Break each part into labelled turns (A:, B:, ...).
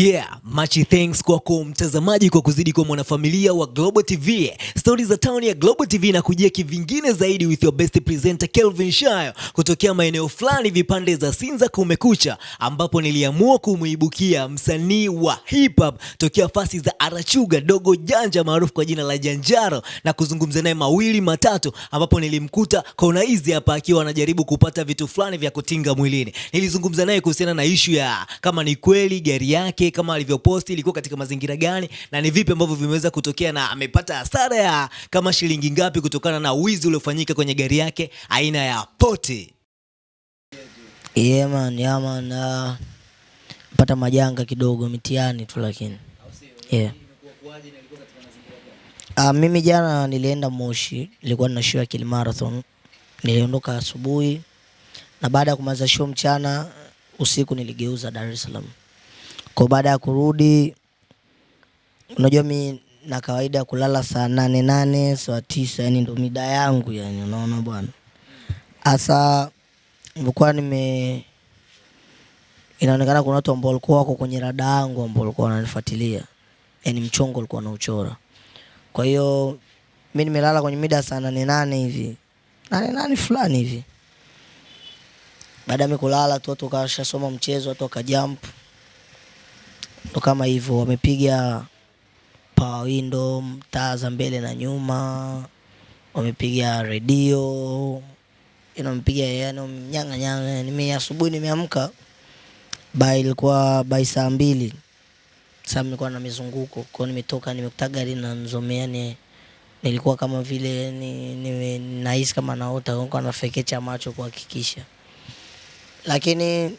A: Yeah, much thanks kwako mtazamaji kwa kuzidi kwa mwanafamilia wa Global TV. Stories za town ya Global TV na kujia kivingine zaidi with your best presenter Kelvin Shayo kutokea maeneo fulani vipande za Sinza kumekucha ambapo niliamua kumuibukia msanii wa hip hop tokea fasi za Arachuga Dogo Janja maarufu kwa jina la Janjaro na kuzungumza naye mawili matatu ambapo nilimkuta kona hizi hapa akiwa anajaribu kupata vitu fulani vya kutinga mwilini. Nilizungumza naye kuhusiana na ishu ya kama ni kweli gari yake kama alivyoposti ilikuwa katika mazingira gani na ni vipi ambavyo vimeweza kutokea na amepata hasara ya kama shilingi ngapi kutokana na wizi uliofanyika kwenye gari yake aina ya poti.
B: Yeah man, yeah man, uh, pata majanga kidogo mitiani tu lakini yeah. Uh, mimi jana nilienda Moshi, nilikuwa na show ya Kili Marathon. Niliondoka asubuhi na baada ya kumaliza show mchana, usiku niligeuza Dar es Salaam. Kwa baada ya kurudi, unajua mi na kawaida kulala saa nane nane saa tisa yani ndo mida yangu yani, unaona bwana. Hasa nilikuwa nime, inaonekana kuna watu ambao walikuwa wako kwenye rada yangu ambao walikuwa wananifuatilia, yani mchongo ulikuwa nauchora. Kwa hiyo mi nimelala kwenye mida saa nane nane hivi nane nane fulani hivi. Baada ya mi kulala tu watu wakashasoma mchezo, watu wakajump ndo kama hivyo, wamepiga power window, taa za mbele na nyuma, wamepiga redio inamepiga yani nyanga nyanga. Nime asubuhi nimeamka bai, ilikuwa bai saa mbili, sasa nilikuwa na mizunguko kwao, nimetoka nimekuta gari nanzomea ni nilikuwa kama vile ni, ni, nahisi kama naota, nilikuwa nafekecha macho kuhakikisha, lakini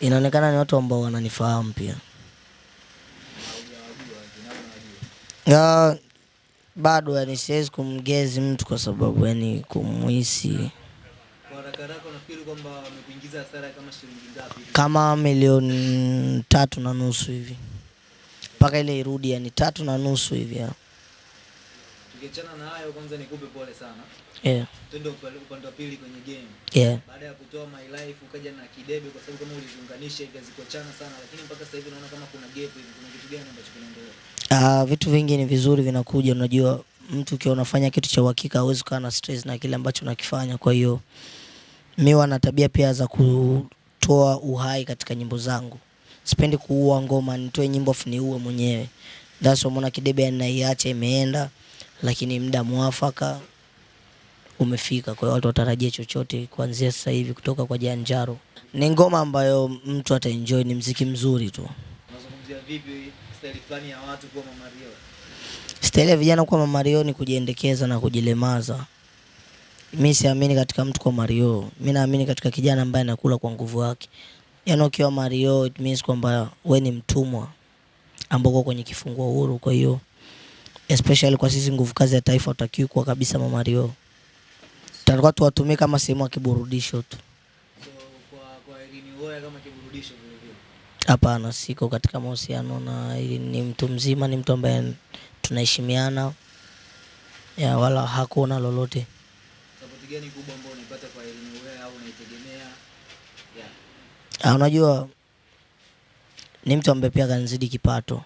B: inaonekana ni watu ambao wananifahamu pia. Ya, bado yani siwezi kumgezi mtu kwa sababu yani kumuhisi kama milioni tatu na nusu hivi mpaka ile irudi, yani tatu na nusu hivi ya. Ukiachana na hayo, kwanza nikupe pole sana. Yeah. Twende upande wa pili kwenye game. Yeah. Baada ya kutoa my life ukaja na kidebe, kwa sababu kama uliziunganisha hivi hazikuachana sana, lakini mpaka sasa hivi naona kama kuna gap hivi. Kuna kitu gani ambacho kinaendelea? Ah, vitu vingi ni vizuri vinakuja, unajua mtu ukiwa unafanya kitu cha uhakika hauwezi kuwa na stress na kile ambacho unakifanya. Kwa hiyo mi wana tabia pia za kutoa uhai katika nyimbo zangu, sipendi kuua ngoma, nitoe nyimbo afu niue mwenyewe. That's why mwana kidebe anaiacha imeenda lakini muda mwafaka umefika. Kwa hiyo watu watarajie chochote kuanzia sasa hivi kutoka kwa Janjaro. Ni ngoma ambayo mtu ataenjoy, ni mziki mzuri tu. Unazungumzia vipi staili fulani ya watu kuwa Mama Rio? Staili ya vijana kuwa Mama Rio ni kujiendekeza na kujilemaza. Mi siamini katika mtu kwa Mario, mi naamini katika kijana ambaye anakula kwa nguvu yake. Yaani ukiwa Mario it means kwamba we ni mtumwa ambao uko kwenye kifungua huru, kwa hiyo especially kwa sisi nguvu kazi ya taifa, utakiwa kwa kabisa Mama Rio, tutakuwa tuwatumie kama sehemu ya kiburudisho tu. Hapana, siko katika mahusiano na ni mtu mzima, ni mtu ambaye tunaheshimiana ya wala hakuna lolote. gani kubwa ambayo kwa au unaitegemea? Ah, unajua ni mtu ambaye pia kanizidi kipato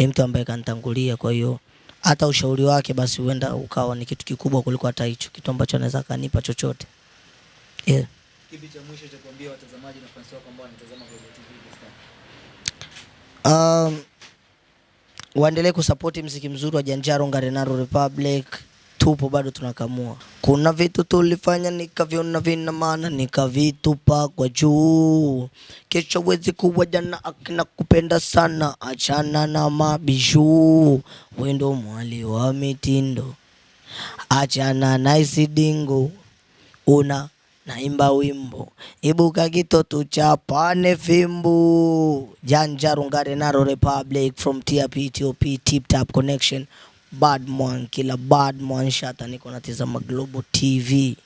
B: ni mtu ambaye kanitangulia, kwa hiyo hata ushauri wake basi huenda ukawa ni kitu kikubwa kuliko hata hicho kitu ambacho anaweza kanipa chochote. Yeah. Kipi cha mwisho cha kuambia watazamaji na fans wako ambao wanatazama Global TV? Um, waendelee kusupport mziki mzuri wa Janjaro Ngarenaro Republic tupo bado tunakamua. Kuna vitu tulifanya nikavyona vina maana, nikavitupa kwa juu. Kesho wezi kuwa jana, akina kupenda sana, achana na mabishu. Wendo mwali wa mitindo, achana na isidingo una naimba wimbo ibuka tuchapane fimbu janja rungare naro republic from TRP TOP tip tap connection Badman, kila Badman shata niko natizama Global TV.